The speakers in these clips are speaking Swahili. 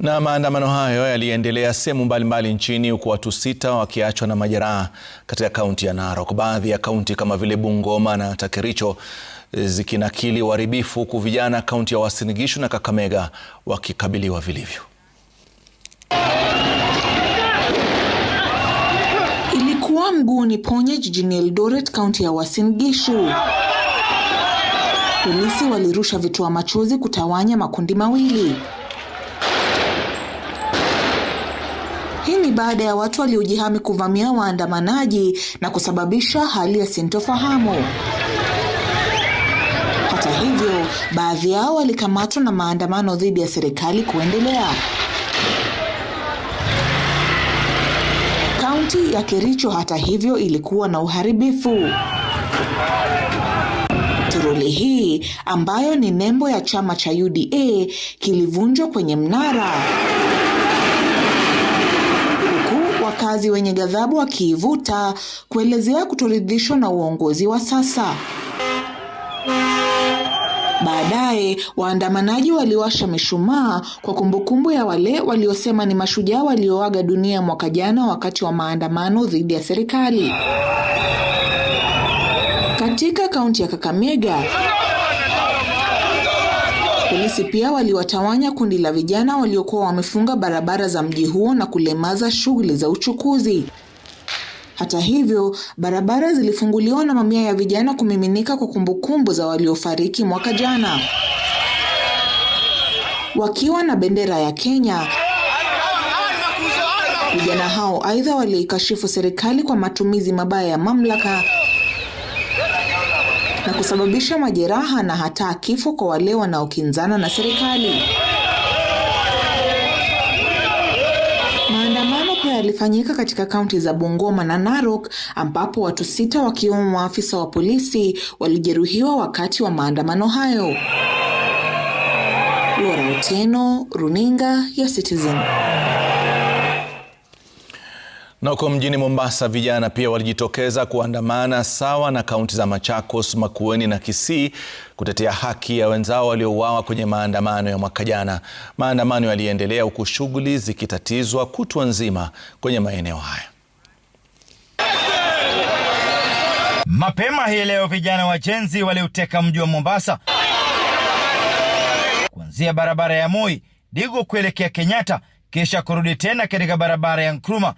Na maandamano hayo yaliendelea sehemu mbalimbali nchini huku watu sita wakiachwa na majeraha katika kaunti ya Narok. Baadhi ya kaunti kama vile Bungoma na takericho zikinakili uharibifu huku vijana kaunti ya Uasin Gishu na Kakamega wakikabiliwa vilivyo. Ilikuwa mguuni ponye jijini Eldoret, kaunti ya Uasin Gishu. Polisi walirusha vitoa machozi kutawanya makundi mawili. Hii ni baada ya watu waliojihami kuvamia waandamanaji na kusababisha hali ya sintofahamu. Hata hivyo, baadhi yao walikamatwa na maandamano dhidi ya serikali kuendelea. Kaunti ya Kericho hata hivyo ilikuwa na uharibifu. Toroli hii ambayo ni nembo ya chama cha UDA kilivunjwa kwenye mnara wakazi wenye ghadhabu wakiivuta kuelezea kutoridhishwa na uongozi wa sasa. Baadaye waandamanaji waliwasha mishumaa kwa kumbukumbu ya wale waliosema ni mashujaa walioaga dunia mwaka jana wakati wa maandamano dhidi ya serikali katika kaunti ya Kakamega. Polisi pia waliwatawanya kundi la vijana waliokuwa wamefunga barabara za mji huo na kulemaza shughuli za uchukuzi. Hata hivyo, barabara zilifunguliwa na mamia ya vijana kumiminika kwa kumbukumbu za waliofariki mwaka jana. Wakiwa na bendera ya Kenya, vijana hao aidha waliikashifu serikali kwa matumizi mabaya ya mamlaka na kusababisha majeraha na hata kifo kwa wale wanaokinzana na serikali. Maandamano pia yalifanyika katika kaunti za Bungoma na Narok ambapo watu sita wakiwemo maafisa wa polisi walijeruhiwa wakati wa maandamano hayo. Lora Otieno, Runinga ya Citizen. Na huko mjini Mombasa, vijana pia walijitokeza kuandamana sawa na kaunti za Machakos, Makueni na Kisii kutetea haki ya wenzao waliouawa kwenye maandamano ya mwaka jana. Maandamano yaliendelea huku shughuli zikitatizwa kutwa nzima kwenye maeneo haya. Mapema hii leo vijana wajenzi waliuteka mji wa Mombasa kuanzia barabara ya Moi Digo kuelekea Kenyatta, kisha kurudi tena katika barabara ya Nkrumah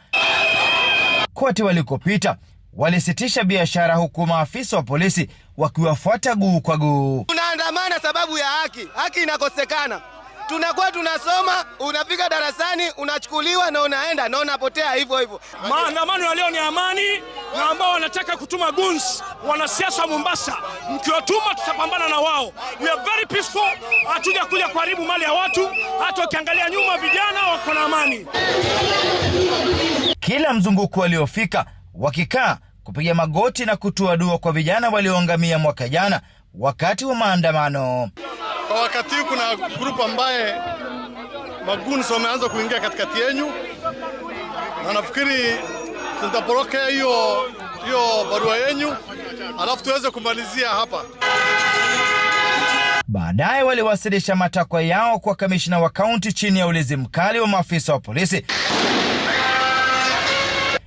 kote walikopita walisitisha biashara huku maafisa wa polisi wakiwafuata guu kwa guu. Tunaandamana sababu ya haki, haki inakosekana tunakuwa tunasoma, unafika darasani unachukuliwa na unaenda na unapotea hivyo hivyo. Maandamano ya leo ni amani, na ambao wanataka kutuma guns wanasiasa Mombasa, mkiwatuma tutapambana na wao. We are very peaceful, hatuja kuja kuharibu mali ya watu. Hata ukiangalia nyuma, vijana wako na amani. Kila mzunguko waliofika wakikaa kupiga magoti na kutoa dua kwa vijana walioangamia mwaka jana wakati wa maandamano. Kwa wakati huu kuna grupu ambaye maguns wameanza kuingia katikati yenu, na nafikiri tutapokea hiyo hiyo barua yenu, alafu tuweze kumalizia hapa. Baadaye waliwasilisha matakwa yao kwa kamishina wa kaunti chini ya ulinzi mkali wa maafisa wa polisi.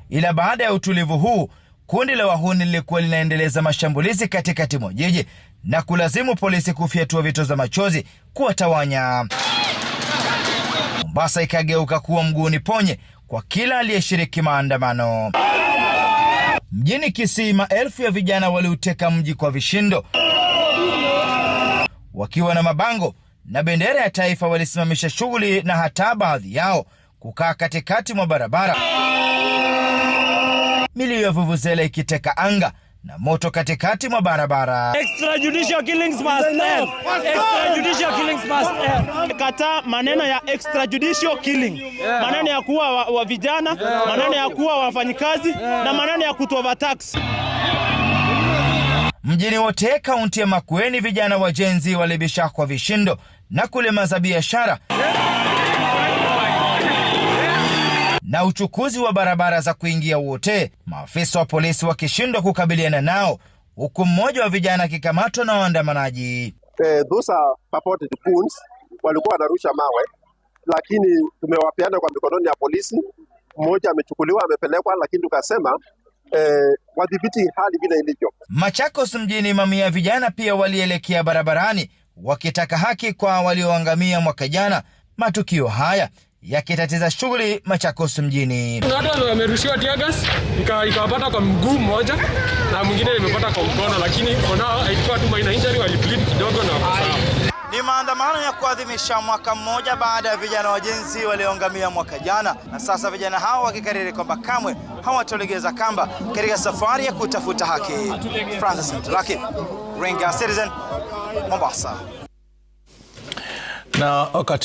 Ila baada ya utulivu huu Kundi la wahuni lilikuwa linaendeleza mashambulizi katikati mwa jiji na kulazimu polisi kufyatua za machozi kuwatawanya. Mombasa ikageuka kuwa mguuni ponye kwa kila aliyeshiriki maandamano. Mjini Kisii, maelfu ya vijana waliuteka mji kwa vishindo, wakiwa na mabango na bendera ya taifa. Walisimamisha shughuli na hata baadhi yao kukaa katikati mwa barabara milio ya vuvuzela ikiteka anga na moto katikati mwa barabara. Extrajudicial killings must end. Extrajudicial killings must end. Kataa maneno ya extrajudicial killing, maneno ya kuwa wa, wa vijana, maneno ya kuwa wafanyikazi na maneno ya kutova tax. Mjini wote kaunti ya Makueni, vijana wajenzi walibisha kwa vishindo na kulemaza biashara na uchukuzi wa barabara za kuingia wote, maafisa wa polisi wakishindwa kukabiliana nao, huku mmoja wa vijana akikamatwa na waandamanaji. Eh, walikuwa wanarusha mawe, lakini tumewapeana kwa mikononi ya polisi. Mmoja amechukuliwa amepelekwa, lakini tukasema eh, wadhibiti hali vile ilivyo. Machakos mjini, mamia vijana pia walielekea barabarani wakitaka haki kwa walioangamia mwaka jana. Matukio haya yakitatiza shughuli Machakos mjini. wamerushiwa tiagas ikawapata kwa mguu mmoja na mwingine limepata kwa mkono, lakini ilikuwa tu minor injury, walibleed kidogo na Ni maandamano ya kuadhimisha mwaka mmoja baada ya vijana wajenzi walioangamia mwaka jana, na sasa vijana hao wakikariri kwamba kamwe hawatolegeza kamba katika safari ya kutafuta haki. Francis Mtulaki, Ringa Citizen, Mombasa. Na wakati